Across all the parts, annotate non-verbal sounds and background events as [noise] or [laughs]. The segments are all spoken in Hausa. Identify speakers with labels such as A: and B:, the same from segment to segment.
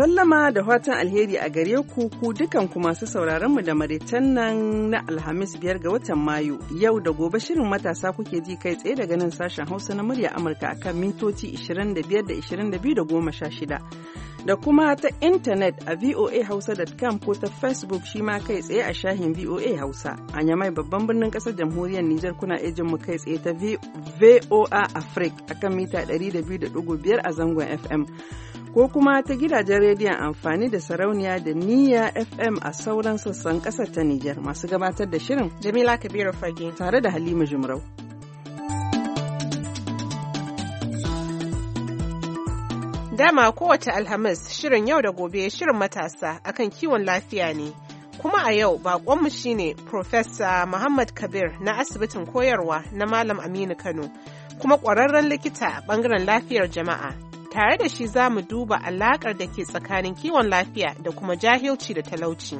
A: sallama da fatan alheri a gare ku ku dukan ku masu sauraron mu da maritan nan na Alhamis biyar ga watan Mayu. Yau da gobe shirin matasa kuke ji kai tsaye daga nan sashen Hausa na murya Amurka akan mintoci 25 da 22 da 16. Da kuma ta intanet a voahausa.com ko ta Facebook shi ma kai tsaye a shahin VOA Hausa. A Yamai babban birnin kasar jamhuriyar Nijar kuna ejin mu kai tsaye ta VOA Africa akan mita 102.5 a zangon FM. ko kuma ta gidajen rediyon amfani da sarauniya da niyya fm a sauran sassan kasar ta Nijar masu gabatar da shirin Jamila Kabiru Fage tare da Halima Jumrau.
B: Dama kowace Alhamis shirin yau da gobe shirin matasa akan kiwon lafiya ne. Kuma a yau baƙonmu shine Profesa Muhammad Kabir na asibitin koyarwa na Malam Aminu Kano, kuma ƙwararren likita a ɓangaren lafiyar jama'a. tare da shi za
A: mu duba alaƙar da ke tsakanin kiwon lafiya da kuma jahilci da talauci.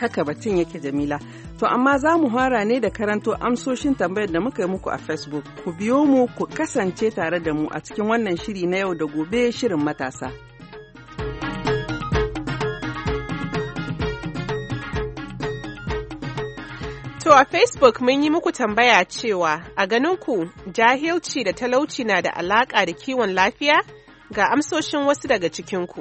A: Haka batun yake Jamila. To amma za mu fara ne da karanto amsoshin tambayar da muka yi muku a Facebook. Ku biyo mu ku kasance tare da mu a cikin wannan shiri na yau da gobe shirin matasa.
B: To a Facebook mun yi muku tambaya cewa a ganinku jahilci da talauci na da alaƙa da kiwon lafiya? Ga amsoshin wasu daga cikinku.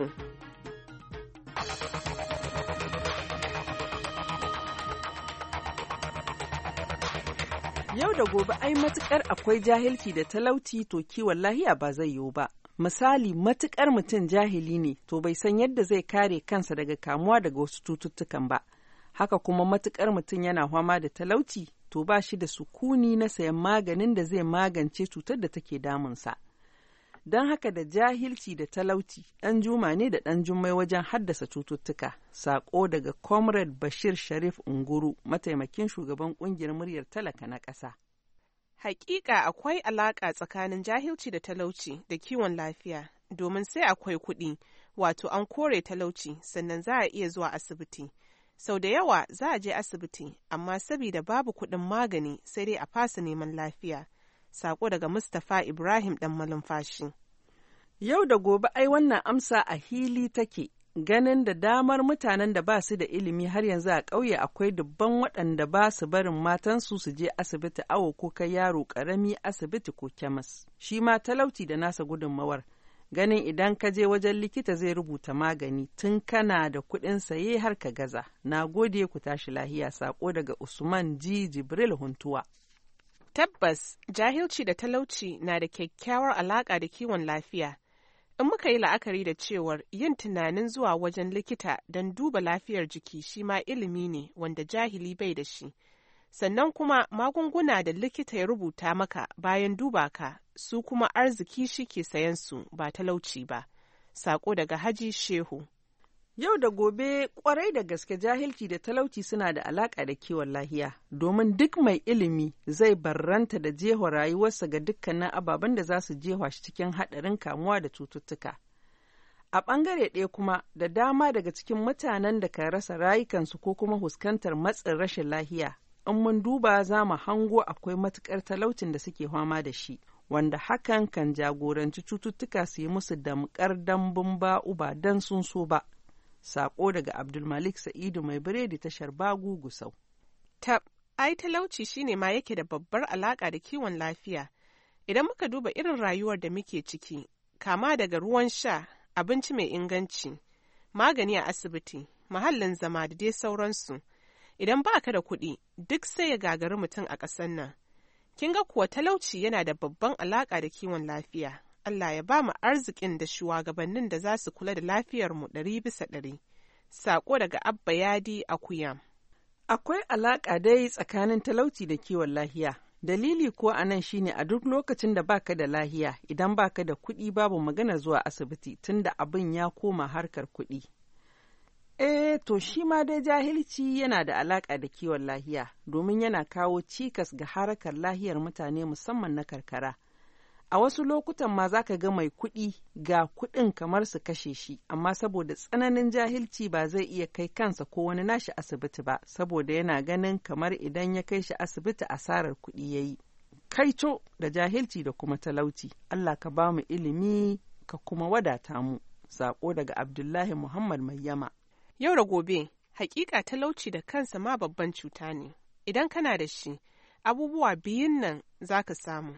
A: Yau da gobe ai matukar akwai jahilci da talauci to kiwon lahiya ba zai yiwu ba. Misali matukar mutum jahili ne to bai san yadda zai kare kansa daga kamuwa daga wasu cututtukan ba. Haka kuma matukar mutum yana fama da talauci to ba shi da sukuni na sayan maganin da zai magance cutar da take damunsa. don haka da jahilci da talauci ɗan juma ne da ɗan jummai wajen haddasa cututtuka saƙo daga comrade bashir sharif unguru mataimakin shugaban ƙungiyar muryar talaka na ƙasa
B: Hakika akwai alaƙa tsakanin jahilci da talauci da kiwon lafiya domin sai akwai kuɗi wato an kore talauci sannan za a iya zuwa asibiti sau da yawa za a je asibiti amma sabida babu kuɗin magani sai dai a fasa neman lafiya.
A: Sako daga Mustapha Ibrahim ɗan malumfashi. Yau da gobe ai wannan amsa a hili take. Ganin da damar mutanen da ba su da ilimi har yanzu a ƙauye akwai dubban waɗanda ba su barin matansu su je asibiti awo ko kai yaro ƙarami asibiti ko kemis. Shi ma talauci da nasa gudunmawar. ganin idan ka je wajen likita zai rubuta magani tun kana da kuɗin saye har ka gaza. Na gode ku tashi lahiya sako daga Usman ji Jibril Huntuwa. Tabbas,
B: jahilci da talauci na da kyakkyawar alaƙa da kiwon lafiya. In muka yi la'akari da cewar yin tunanin zuwa wajen likita don duba lafiyar jiki shi ma ilimi ne wanda jahili bai da shi. Sannan kuma magunguna da likita ya rubuta maka bayan duba ka su kuma arziki shi ke sayan su ba talauci ba.
A: Sako daga Haji Shehu. Yau da gobe kwarai da gaske jahilci da talauci suna da alaƙa da kiwon lahiya, domin duk mai ilimi zai barranta da jewa rayuwarsa ga dukkanin ababen da za su jewa shi cikin haɗarin kamuwa da cututtuka. A ɓangare ɗaya kuma da dama daga cikin mutanen da ka rasa rayukansu ko kuma fuskantar matsin rashin lahiya, in mun duba za mu hango akwai matuƙar talaucin da suke fama da shi. wanda hakan kan jagoranci cututtuka su yi musu damƙar dambun ba'u ba don sun so ba. Sako daga Abdulmalik Sa'idu mai biredi tashar Bagu Gusau. Tab, ai talauci shine ma yake da babbar alaƙa da kiwon
B: lafiya. Idan muka duba irin rayuwar da muke ciki, kama daga ruwan sha, abinci mai inganci, magani a asibiti, mahallin zama da dai sauransu. Idan ba ka da kuɗi, duk sai ya gagari mutum a ƙasar nan. Kin ga kuwa talauci yana da babban alaƙa da kiwon lafiya, Allah ya ba mu arzikin da shugabannin da za su kula da lafiyarmu ɗari bisa ɗari. Sako daga Abba Yadi a Kuyam.
A: Akwai alaƙa dai tsakanin talauci da kiwon lahiya. Dalili ko a nan shine a duk lokacin da baka da lahiya idan baka da kuɗi babu magana zuwa asibiti tunda abin ya koma harkar kuɗi. Eh to shi ma dai jahilci yana da alaƙa da kiwon lahiya domin yana kawo cikas ga harkar lahiyar mutane musamman na karkara. a wasu lokutan ma za ka ga mai kuɗi ga kuɗin kamar su kashe shi amma saboda tsananin jahilci ba zai iya kai kansa ko wani nashi asibiti ba saboda yana ganin kamar idan ya kai shi asibiti asarar kuɗi ya yi kaito da jahilci da kuma talauci allah ka ba mu ilimi ka kuma wadata mu sako daga abdullahi muhammad mayyama yau da gobe hakika talauci
B: da kansa ma babban cuta ne idan kana da shi abubuwa biyun nan za ka samu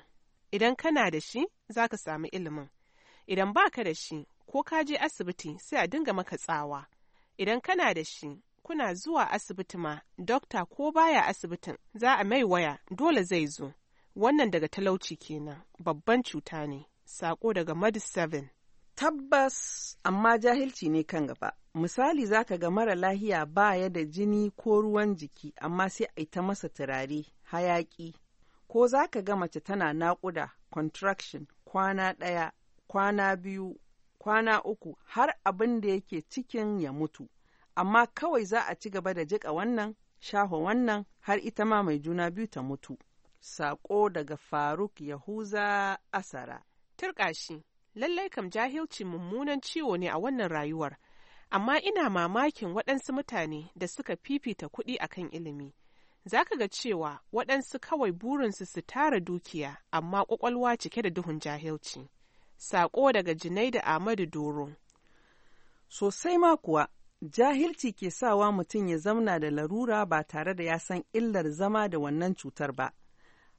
B: Idan kana da shi, za ka sami ilimin. Idan ba ka da shi, ko ka je asibiti sai a dinga maka tsawa. Idan kana da shi, kuna zuwa asibiti ma, dokta ko baya asibitin, za a mai waya, dole zai zo. Wannan daga talauci kenan, babban cuta ne. Sako daga Mad 7. Tabbas,
A: amma jahilci ne kan gaba. Misali za ka ga mara lahiya baya da jini ko ruwan jiki, amma sai a ita masa turare, hayaki, ko za ka ga mace tana naƙuda contraction kwana ɗaya kwana biyu kwana uku har abin da yake cikin ya mutu amma kawai za a ci gaba da jiƙa wannan shaho wannan har ita ma mai juna biyu ta mutu saƙo daga faruk yahuza asara turƙashi lallai kam jahilci mummunan
B: ciwo ne a wannan rayuwar amma ina mamakin waɗansu mutane da suka fifita kuɗi akan ilimi za ka ga cewa waɗansu kawai burinsu su tara dukiya amma ƙwaƙwalwa cike da duhun jahilci. Saƙo daga Jinai da Ahmadu Doro.
A: Sosai ma kuwa, jahilci ke sawa mutum ya zamna da larura ba tare da ya san illar zama da wannan cutar ba.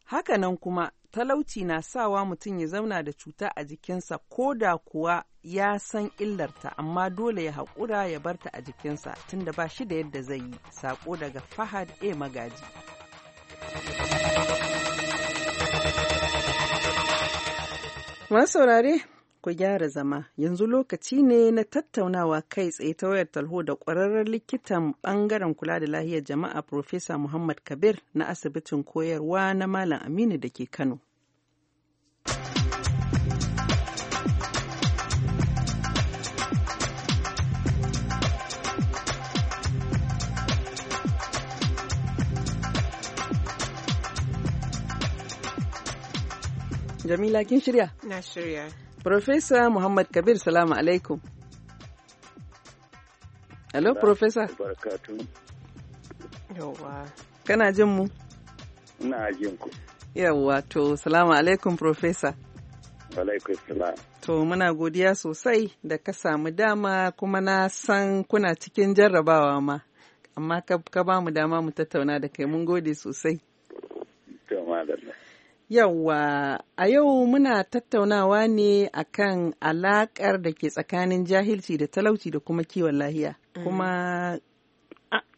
A: Hakanan kuma talauci na sawa mutum ya zauna da cuta a jikinsa ko da kuwa ya san illarta amma dole ya haƙura ya barta a jikinsa tunda ba shi da yadda zai yi saƙo daga fahad a magaji masu saurare ku gyara zama. Yanzu lokaci ne na tattaunawa kai tsaye ta wayar talho da ƙwararren likitan ɓangaren kula da lahiyar jama'a Profesa Muhammad Kabir na asibitin koyarwa na Malam Aminu da ke Kano. Jamila kin shirya? Na shirya. Profesa Muhammad Kabir, salamu alaikum. Hello, Profesa.
C: Barakatu. Yawwa,
A: kana jin mu?
C: Ina jin ku.
A: Yawwa, to, salamu alaikum, Profesa.
C: Alaikum salam.
A: To, muna godiya sosai da ka samu dama kuma na san kuna cikin jarrabawa ma, amma ka ba mu dama mu tattauna da kai mun gode sosai.
C: To, madalla.
A: Yawwa, a yau muna tattaunawa ne akan alakar da ke tsakanin jahilci da talauci da kuma kiwon lahiya. Mm. Kuma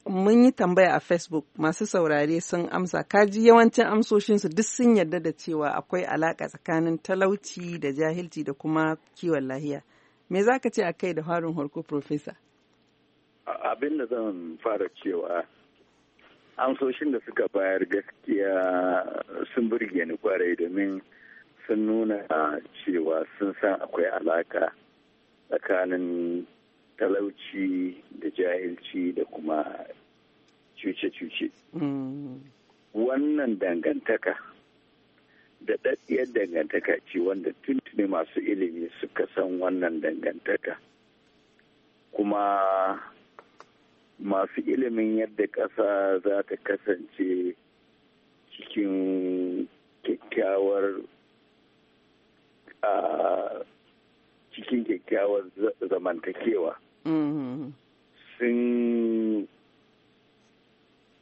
A: mun yi tambaya a Facebook masu saurare sun amsa, kaji yawancin amsoshinsu duk sun yarda da cewa akwai alaka tsakanin talauci da jahilci da kuma kiwon lahiya. Me za ka ce a kai da harin harko Profesa?
C: Abin da zan fara cewa amsoshin da suka bayar gaskiya sun burge ni kwarai domin sun nuna cewa sun san akwai alaka tsakanin talauci da jahilci da kuma cuce-cuce.
D: Mm.
C: Wannan dangantaka da daɗiyar dangantaka ce wanda tuntuni masu ilimi suka san wannan dangantaka kuma masu ilimin yadda ƙasa za ta kasance cikin kyakkyawar ah, cikin kyakkyawar zamantakewa
D: mm-hmm.
C: sun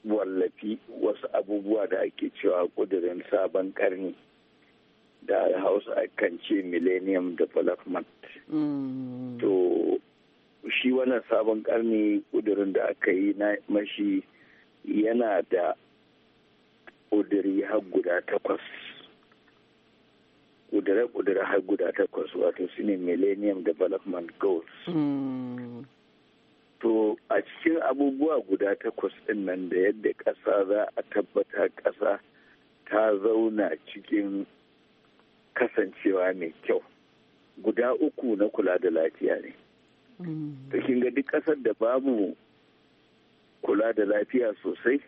C: wallafi wasu abubuwa da ake cewa ƙudurin sabon ƙarni da hausa kan ce millennium development
D: mm-hmm.
C: to shi wannan sabon karni kudurin da aka yi na mashi yana da kuduri har guda takwas kudure-kudure har guda takwas wato su ne millennium development goals
D: hmm.
C: to a cikin abubuwa guda takwas din nan da yadda ƙasa za a tabbata ƙasa ta zauna cikin kasancewa mai kyau guda uku na kula da lafiya ne da kin ga duk ƙasar da babu kula da lafiya sosai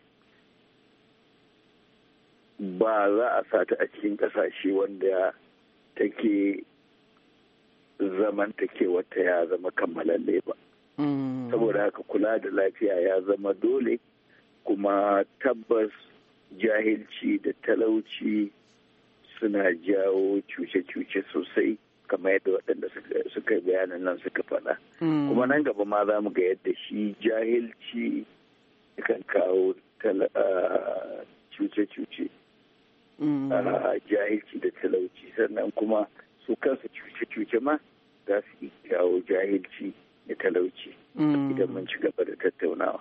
C: ba za a sata a cikin ƙasashe wanda take wata ya zama kammalalle ba
D: mm. saboda
C: haka kula da lafiya ya zama dole kuma tabbas jahilci da talauci suna jawo cuce-cuce sosai kamar yadda waɗanda suka bayanin nan suka faɗa hmm. kuma nan gaba ma za mu ga yadda shi jahilci kan kawo ah, cuce-cuce hmm. ah, jahilci da talauci sannan kuma su kansu cuce-cuce ma za su kawo jahilci da talauci hmm. idan mun ci gaba da tattaunawa.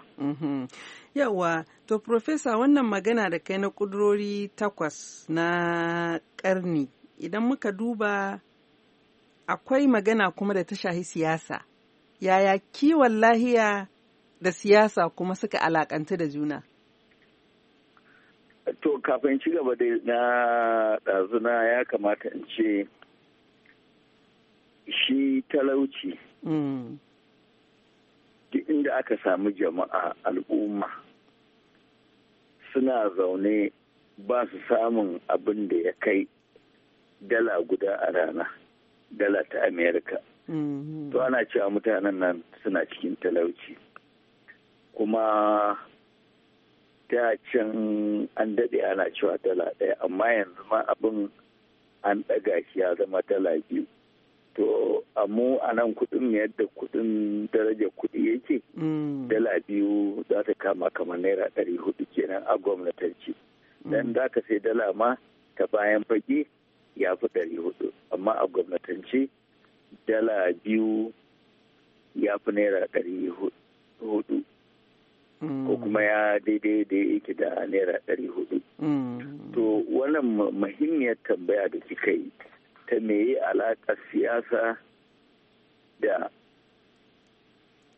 A: Yawa, to Profesa wannan magana da kai na kudurori takwas na ƙarni idan muka duba akwai magana kuma da ta shahi siyasa. Yaya kiwon lahiya da siyasa kuma suka alakanta da
C: juna? To, kafin ci gaba da na ɗazuna ya kamata in ce shi talauci. Mm. Duk inda aka samu jama'a al'umma suna zaune ba su samun abin da ya kai dala guda a rana. dala ta amerika
D: mm-hmm.
C: to ana cewa mutanen nan suna cikin talauci kuma ta can an daɗe ana cewa dala ɗaya amma yanzu ma abin an ɗaga shi ya zama dala biyu to amma a nan kuɗin yadda kuɗin daraja kuɗi yake
D: mm. dala
C: biyu za ta kama kamar naira ɗari hudu kenan a gwamnatarci. Mm. dan za ka sai dala ma ta bayan fage ya fi ɗari hudu amma a gwamnatance dala biyu ya fi naira ɗari hudu ko mm. kuma ya daidai da yake da naira ɗari hudu
D: mm.
C: to wannan muhimmiyar tambaya da kika yi ta meye alaƙar siyasa da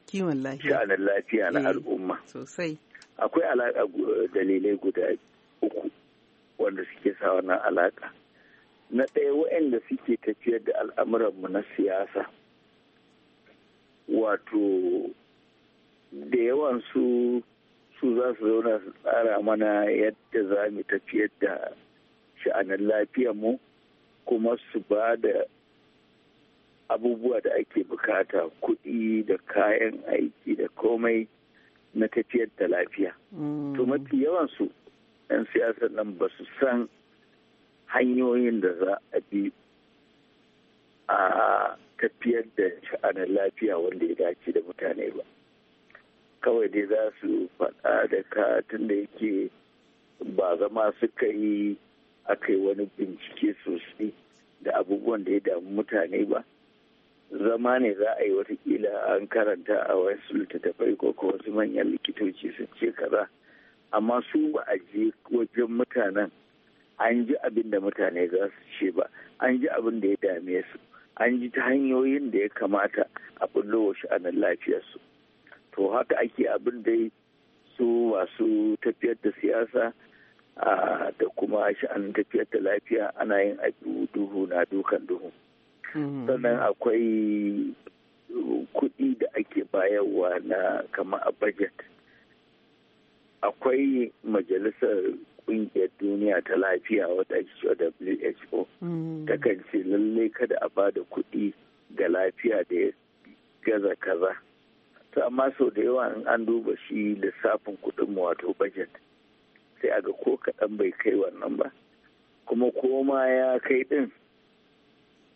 C: kiwon lafiya lafiya na eh, al'umma sosai akwai alaƙa dalilai guda uku wanda suke sa wannan alaƙa na ɗaya waɗanda suke tafiyar da al'amuranmu na siyasa wato da yawan su su za su zauna su tsara mana yadda za mu tafiyar da sha'anin lafiyarmu kuma su ba da abubuwa da ake bukata kuɗi da kayan aiki da komai na tafiyar da lafiya. Mm. To mafi yawansu 'yan siyasar nan ba su san hanyoyin da za a bi a tafiyar da sha'anar lafiya wanda ya dace da mutane ba kawai dai za su faɗa da ka tunda yake ba zama suka yi aka yi wani bincike sosai da abubuwan da ya damu mutane ba zama ne za a yi watakila an karanta a wasu littattafai ko wasu manyan likitoci sun ce kaza amma su ba a je wajen mutanen an ji abin da mutane za su ce ba an ji abin da ya dame su an ji ta hanyoyin da ya kamata a bullo sha'anin lafiyarsu to haka ake abin da su masu tafiyar da siyasa da kuma sha'anin tafiyar da lafiya ana yin abu duhu na dukan duhu
D: hmm. sannan
C: akwai uh, kuɗi da ake bayarwa na kama a budget akwai majalisar kungiyar duniya ta lafiya wata WHO mm. ta kan ce lalle kada a bada kuɗi ga lafiya da ya gaza kaza to amma sau da yawa in an duba shi lissafin kuɗin wato budget sai a ga ko kaɗan bai kai wannan ba kuma koma ya kai ɗin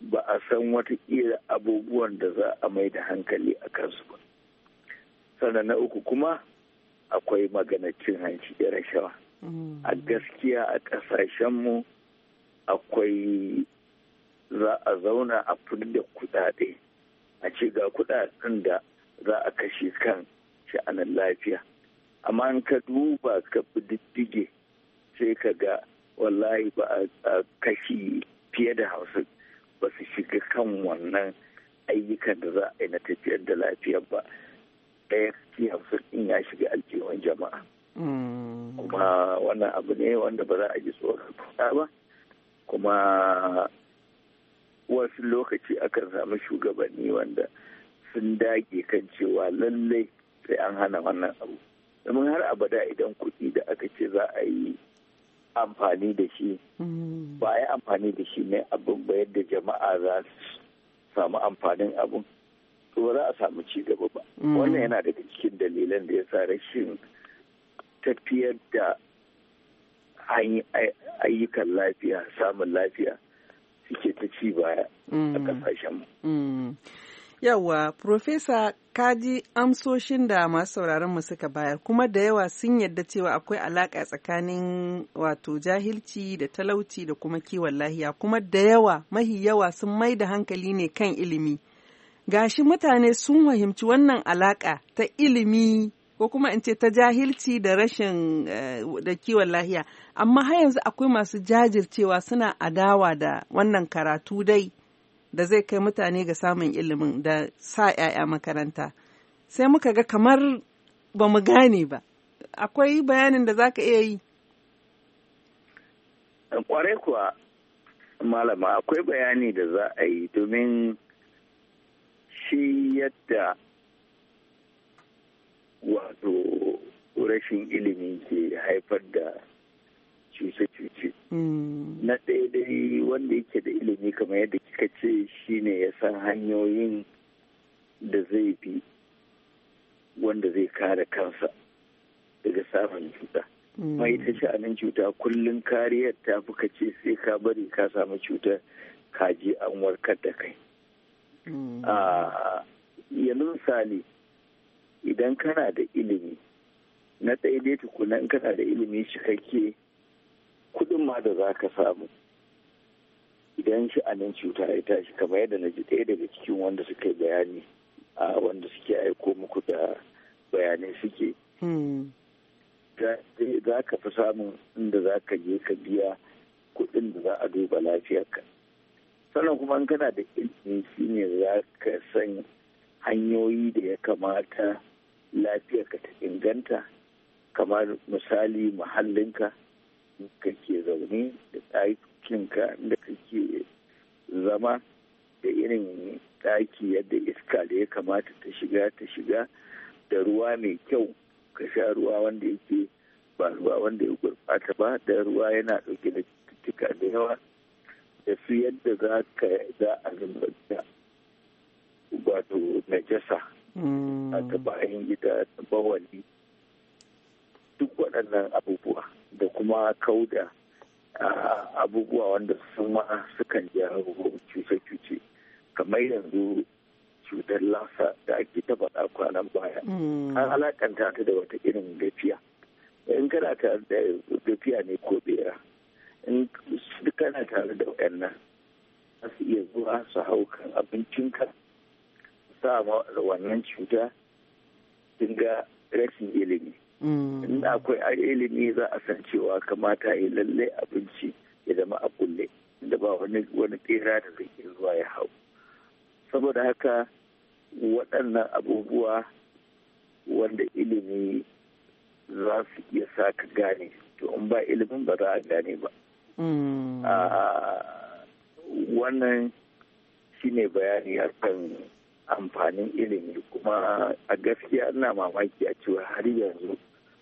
C: ba a san watakila abubuwan da za a mai da hankali a kansu ba sannan na uku kuma akwai maganar cin hanci da rashawa a gaskiya a ƙasashenmu akwai za a zauna a da kuɗaɗe a ce ga kuɗaɗen da za a kashe kan sha'anin lafiya amma in ka duba ka fi diddige sai ka ga wallahi ba a kashi fiye da hausa ba su shiga kan wannan ayyukan da za a yi na tafiyar da lafiya ba ɗaya cikin hamsin ɗin ya shiga aljihun jama'a.
D: Hmm.
C: Kuma wannan abu ne wanda ba za a ji tsoron ba. Kuma wasu lokaci akan samu shugabanni wanda sun dage kan cewa lallai sai an hana wannan abu. Domin har abada idan kuɗi da aka ce za a yi amfani da shi hmm. ba a yi amfani da shi ne abin ba yadda jama'a za su samu amfanin abin to ba za a samu ci gaba ba mm. wannan yana daga cikin dalilan da ya sa rashin tafiyar da ayyukan lafiya samun lafiya suke ta ci baya a kasashen
A: mm. mu mm. Yawwa, Profesa Kaji amsoshin da masu sauraron mu suka bayar kuma da yawa sun yadda cewa akwai alaƙa tsakanin wato jahilci da talauci da kuma kiwon lahiya kuma da yawa mahi yawa sun mai da hankali ne kan ilimi gashi mutane sun fahimci wannan alaka ta ilimi ko kuma in ce ta jahilci da rashin eh, da kiwon lahiya amma har yanzu akwai masu jajircewa suna adawa da wannan karatu dai da zai kai mutane ga samun ilimin da sa 'ya'ya makaranta sai muka ga kamar ba mu gane ba akwai bayanin da za ka iya yi
C: kwarai kuwa malama akwai bayani da za a yi domin fahimci yadda wato rashin ilimi ke haifar da cuce-cuce. Hmm. Na ɗaya dai wanda yake da ilimi kamar yadda kika ce shi ne ya san hanyoyin da zai bi wanda zai kare kansa daga samun cuta. Hmm. Mai ta sha'anin cuta kullum kariyar ta fi ce sai ka bari ka samu cutar kaji an warkar da kai. Mm. a yanzu misali idan kana da ilimi na ɗaya dai tukuna in kana da ilimi cikakke kudin ma da za ka samu idan shi sha'anin cuta ya tashi kamar yadda na ji ɗaya daga cikin wanda suka bayani a wanda suke aiko muku da bayanai suke hmm. za ka fi samun inda za ka je ka biya kudin da za a duba lafiyarka sannan kuma in kana da ilimi shi ne za ka san hanyoyi da ya kamata ka ta inganta kamar misali muhallinka ke zaune da ɗakinka da kake zama da irin ɗaki yadda iska da ya kamata ta shiga ta shiga da ruwa mai kyau ka sha ruwa wanda yake ba ruwa wanda ya gurɓata ba da ruwa yana ɗauke da cututtuka da yawa tafi yadda za ka za a rinda wato najasa
D: hmm. a taba
C: gida da bawali duk waɗannan abubuwa da kuma kauda abubuwa wanda su ma sukan jawo cuce-cuce kamar yanzu cutar lasa da ake taba a kwanan baya hmm. an alakanta ta da wata irin gafiya in kana ta da gafiya ne ko bera in duka kana tare da waɗannan za su iya zuwa su hau kan abincinka sa wannan cuta sun ga rashin ilimi
D: mm. in
C: akwai a ilimi za a san cewa kamata ya lalle abinci ya zama a kulle da ba wani wani tsira da zai zuwa ya hau saboda haka waɗannan abubuwa wanda ilimi za su iya sa ka gane to in ba ilimin ba za a gane ba
D: Mm. Ah,
C: wannan shine bayani kan amfanin ilimi kuma a gaskiya ina mamaki a cewa har yanzu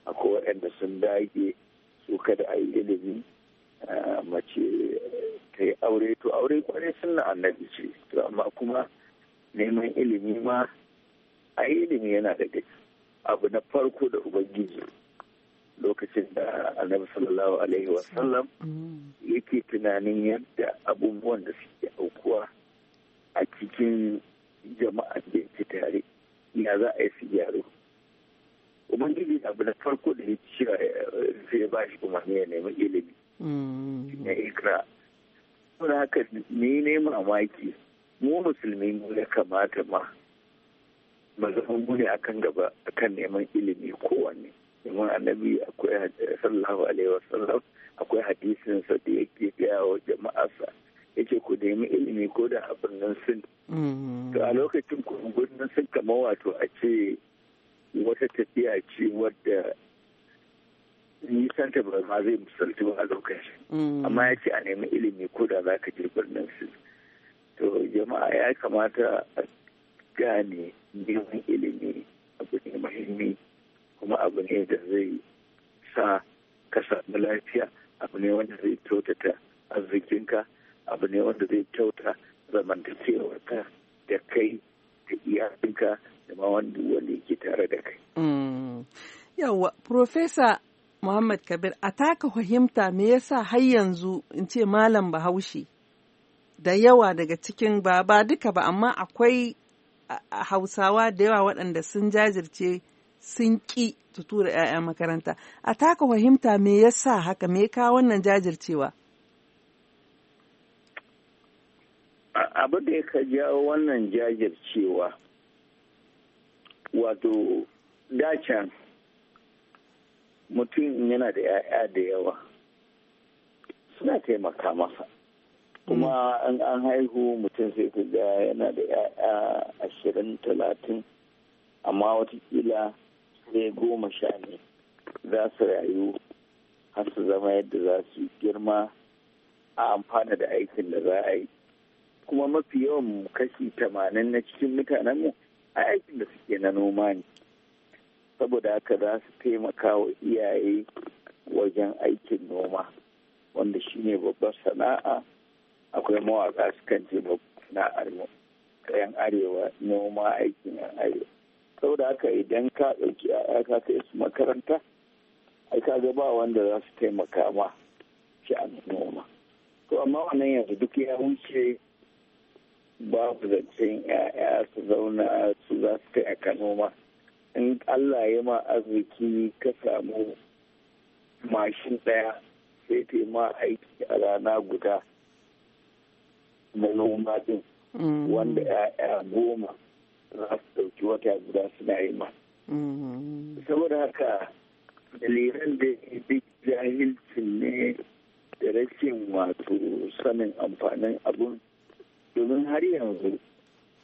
C: akwai waɗanda sun dage su kada a yi ilimi ah, mace ta yi aure to aure kwarai sunna annabi ce to amma kuma neman ilimi ma a yi ilimi yana daga abu na farko da ubangiji lokacin da annabi sallallahu alaihi wasallam mm. yake tunanin yadda abubuwan da suke aukuwa a cikin jama'ar da yake tare ya za a yi su gyaru ubangiji abu na farko da eh, ya cewa sai ba shi ne ya nemi ilimi
D: na mm.
C: ikra kuma haka ni ne mamaki mu musulmi mu ya kamata ma mu mu ne akan gaba akan neman ilimi kowanne domin annabi akwai sallahu alaihi wasallam akwai hadisin sa da yake gaya wa jama'arsa yake ku nemi ilimi ko da a birnin sun
D: mm-hmm. to
C: a lokacin ku birnin sun kama wato a ce wata tafiya ce wadda nisan ta ba zai misalci ba a lokacin mm-hmm. amma ya ce a nemi ilimi ko da za ka je birnin sin to jama'a ya kamata a gane neman ilimi abu ne muhimmi kuma abu ne da zai sa ka samu lafiya abu ne wanda zai kyautata arzikinka abu ne wanda zai kyauta zamantakewarka da kai da iyalinka da ma wanda wanda yake tare da kai.
A: Mm. yawa Profesa Muhammad Kabir, a taka fahimta me yasa har yanzu in ce Malam Bahaushe da yawa daga cikin ba ba duka ba amma akwai Hausawa da yawa waɗanda sun jajirce sun ƙi su tura 'ya'ya makaranta a taka fahimta me yasa haka me ka wannan jajircewa
C: abu da ka jawo wannan jajircewa wato dacan mutum yana da 'ya'ya da yawa suna taimaka masa kuma an an haihu mutum sai ka ga yana da 'ya'ya ashirin talatin amma watakila ne goma sha ne za su rayu har su zama yadda za su girma a amfana da aikin da za a yi kuma mafi yawan kashi tamanin na cikin mutanenmu a aikin da suke na noma ne saboda haka za su taimaka wa iyaye wajen aikin noma wanda shine babbar sana'a akwai mawaƙa sukan ce sana'ar yan arewa noma aikin yan arewa saboda haka idan ka ɗauki ka kai su makaranta ai ka ga ba wanda za su taimaka ma a noma to amma wannan yanzu duk ya wuce babu zancen ya'ya su zauna su za su taimaka noma in allah ya ma arziki ka samu mashin ɗaya sai ta ma aiki a rana guda na noma din
D: mm. wanda
C: ya'ya goma za su ɗauki wata guda suna yi ma.
D: Mm-hmm.
C: Saboda haka dalilan da duk jahilcin ne da rashin wato sanin amfanin abun domin har yanzu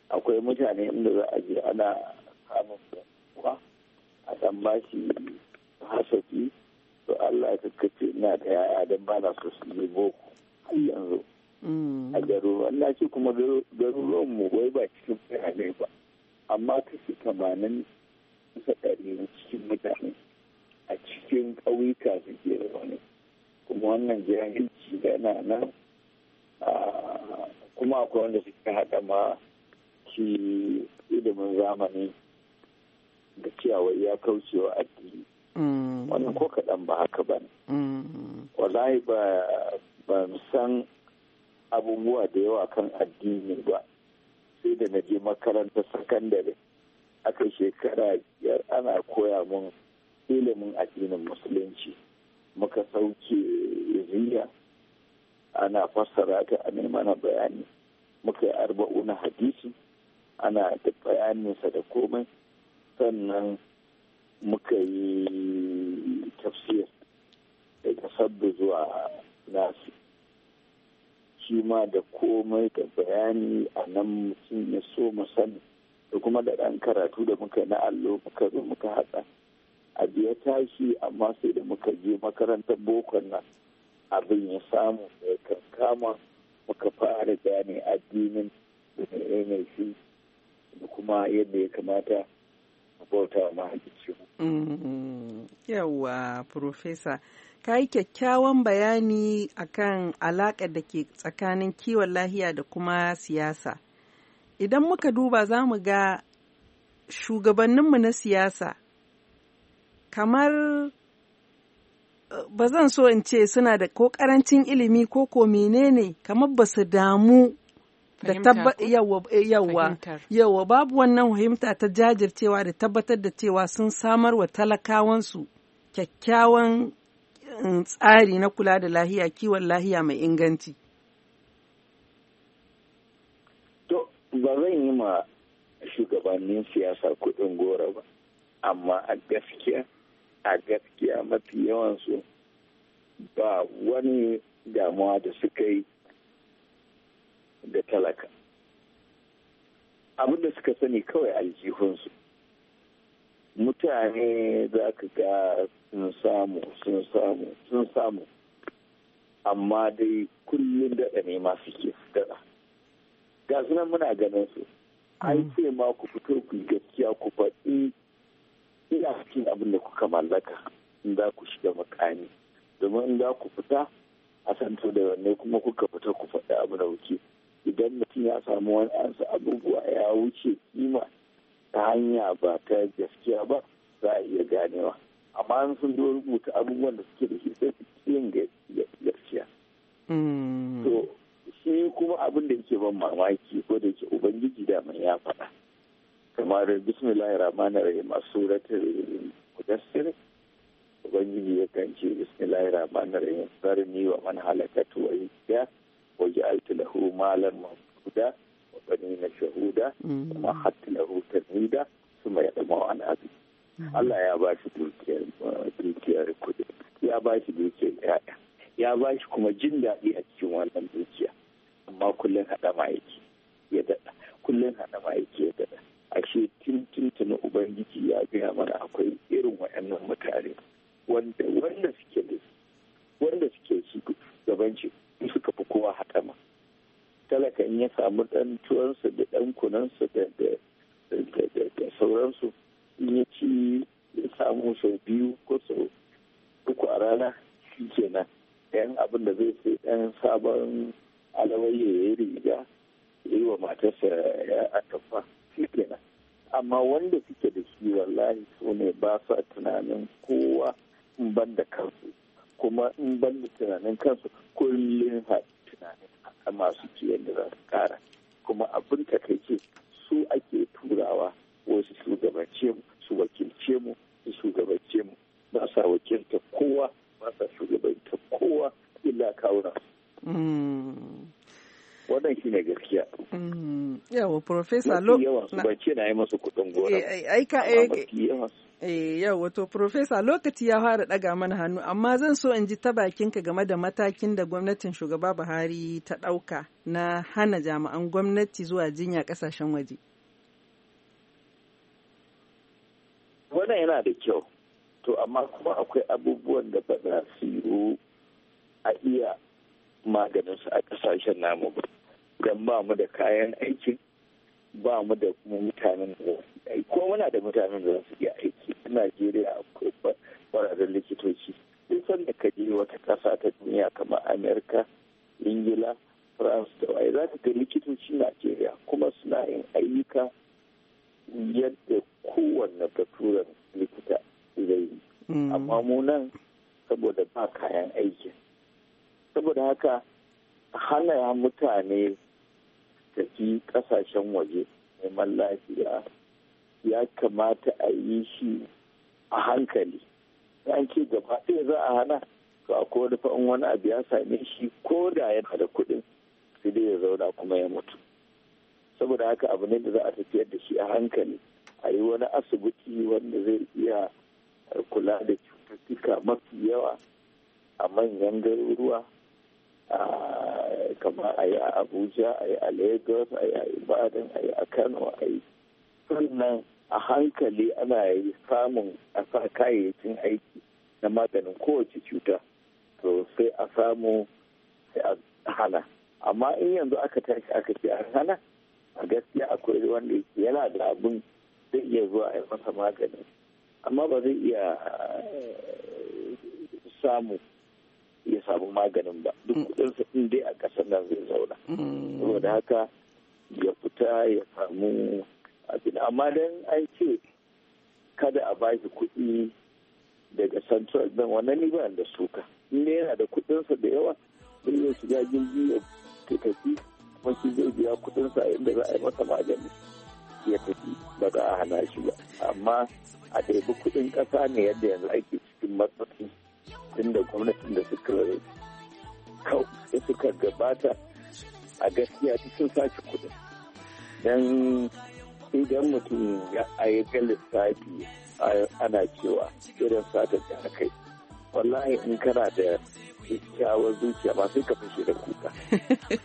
C: akwai mutane inda za a je ana samun kuwa a ɗan bashi to Allah ya kakace ina da yaya don ba na so su yi boko har yanzu mm-hmm. a garuruwan na kuma garuruwan mu wai ba cikin birane ba amma kashi tamanin kusa ɗari na cikin mutane a cikin ƙauyuka suke zaune kuma wannan jahilci yana na kuma akwai wanda suke haɗa ma ki ilimin zamani da ciyawa ya kaucewa addini
D: mm. wannan ko
C: kaɗan ba haka ba ne
D: mm.
C: wallahi ba san abubuwa da yawa kan addini ba sai da na je makarantar sakandare aka shekara biyar ana koya mun ilimin addinin musulunci muka sauke ziya ana fassara ta a mana bayani muka yi arba'una hadisi ana da bayaninsa da komai sannan muka yi tafsir daga sabbi zuwa nasi shi ma da komai da bayani a nan mutum ya so mu sani da kuma da ɗan karatu da muka yi na allo muka zo muka haɗa abu ya tashi amma sai da muka je makarantar bokon nan abin ya samu ya kankama muka fara gane addinin da ne shi da kuma yadda ya kamata a bauta wa mahalicci.
A: Mm-hmm. Yawwa, Profesa. ka yi kyakkyawan bayani akan alaƙar da ke tsakanin kiwon lahiya da kuma siyasa idan muka duba za mu ga shugabanninmu na siyasa kamar ba zan so in ce suna da ko karancin ilimi ko ko menene kamar ba su damu da yawa babu wannan fahimta ta jajircewa da tabbatar da cewa sun samar wa talakawansu kyakkyawan tsari na kula da lahiya kiwon lahiya mai inganci?
C: To, ba zan yi ma shugabannin siyasa kuɗin gora ba, amma a gaskiya, a gaskiya mafi yawansu ba wani damuwa da suka yi da talaka. Abin da suka sani kawai aljihunsu. mutane za ka ga sun samu sun samu sun samu amma dai kullum daɗa ne masu ke daɗa ga sunan muna ganin su an mm. ce ma ku fito ku gaskiya ku faɗi ina cikin abin da kuka mallaka in za ku shiga makani domin in za ku fita a santo da wanne kuma kuka fita ku faɗi abu da wuce idan mutum ya samu wani ansa abubuwa ya wuce kima ta hanya ba ta gaskiya ba za a iya ganewa amma an sun zo rubuta abubuwan da suke da shi sai su yin gaskiya
D: hmm. to
C: shi kuma abin da yake ban mamaki ko da yake ubangiji da mai ya faɗa kamar bismillahir rahmanir rahim a suratul mudassir ubangiji ya kance bismillahir rahmanir rahim sarni wa man halakatu wa yadda wa ja'altu lahu malan mamduda na shahuda mm. kuma hatta na su mai ɗama Allah ya ba shi uh, dukiyar kuɗi ya ba shi dukiyar yaya ya ba shi kuma jin daɗi a cikin wannan dukiya amma kullum haɗama ya daɗa kullum haɗama ya daɗa ashe tun tun ubangiji ya gaya mana akwai irin wa'annan mutane wanda wanda suke da wanda suke su gabanci haka ya samu ɗan tuwansu da ɗan kunansu da sauransu in ya ci ya samu sau biyu ko sau uku a rana shi kenan yan abin da zai sai ɗan sabon alawaye ya yi riga ya yi wa matarsa ya atafa shi kenan amma wanda suke da shi wallahi su ne ba sa tunanin kowa in ban da kansu kuma in ban da tunanin kansu kullum tunanin a masu kiwon da za su kara kuma abin takaice su ake turawa wasu shugabance mu su wakilce mu su shugabance mu ba sa wakilta kowa ba sa shugabanta kowa illa kawuna
D: hmm.
C: wannan shi ne gaskiya
A: hmm. yawa profesa lo yawa su bace
C: na yi masu kudin gora
A: eh, Eh yau wato Profesa lokaci ya fara ɗaga mana hannu amma zan so in ji ta bakinka game da matakin da gwamnatin shugaba Buhari ta ɗauka na hana jami'an gwamnati zuwa jinya ƙasashen waje.
C: Wannan yana da kyau, to amma kuma akwai abubuwan da ba za su yiwu a iya maganin su a ƙasashen namu ba. Don ba mu da kayan aikin, ba mu da mutanen da ko muna da mutanen da za su iya aiki. najeriya akwai kwararren likitoci duk sanda ka je wata ƙasa ta duniya kamar amerika ingila france da waye za ka ga likitoci najeriya kuma suna yin ayyuka yadda kowanne baturen likita zai yi hmm. amma mu nan saboda ba kayan aiki saboda haka hana mutane tafi ƙasashen waje neman lafiya ya kamata a yi shi a hankali an ce gaba ɗaya za a hana to a wani fa'in wani abu ya same shi ko da yana da kuɗin sai dai ya zauna kuma ya mutu saboda haka abu ne da za a tafiyar da shi a hankali a yi wani asibiti wanda zai iya kula da cututtuka mafi yawa a manyan garuruwa kama a yi a abuja a yi a lagos a yi a ibadan a yi a kano a yi sannan a hankali ana yi samun a sa kayayyakin aiki na maganin kowace cuta to sai a samu sai a hana amma in yanzu aka tashi aka ce a hana a gaskiya akwai wanda yana da abin zai iya zuwa a yi masa maganin amma ba zai iya eh, samu ya samu maganin ba duk kudinsa in dai a ƙasar nan zai zauna mm. saboda haka ya fita ya samu abin amma dan an ce kada a bashi kuɗi daga central bank wannan ni ban da suka in yana da kuɗinsa da yawa in ya shiga jirgi ya tafi kuma shi zai biya kuɗinsa inda za a yi masa magani ya tafi ba za a hana shi ba amma a ɗaibi kuɗin ƙasa ne yadda yanzu ake cikin matsatsi da gwamnatin da suka gabata a gaskiya cikin sace kuɗin don idan mutum ya ayyuka lissafi ana cewa irin sata da kai wallahi in kana da kyakkyawar zuciya ba sai ka fashe da kuka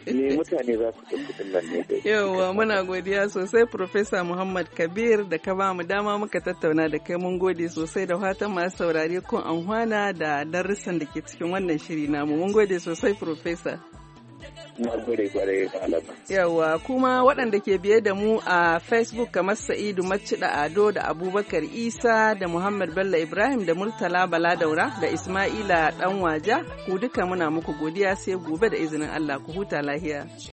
C: ne [laughs] mutane za su tafi kudin nan ne dai
A: yawa muna godiya sosai Profesa muhammad kabir da ka ba mu dama muka tattauna da kai mun gode sosai da fatan masu saurare kun anhwana da darussan da ke cikin wannan shiri namu mun gode sosai Profesa. yawwa kuma waɗanda ke biye da mu a Facebook kamar Sa'idu Macida Ado da Abubakar Isa da Muhammad Bello Ibrahim da Murtala bala daura da Ismaila waja ku
D: duka muna muku godiya sai gobe da izinin Allah ku huta lahiya.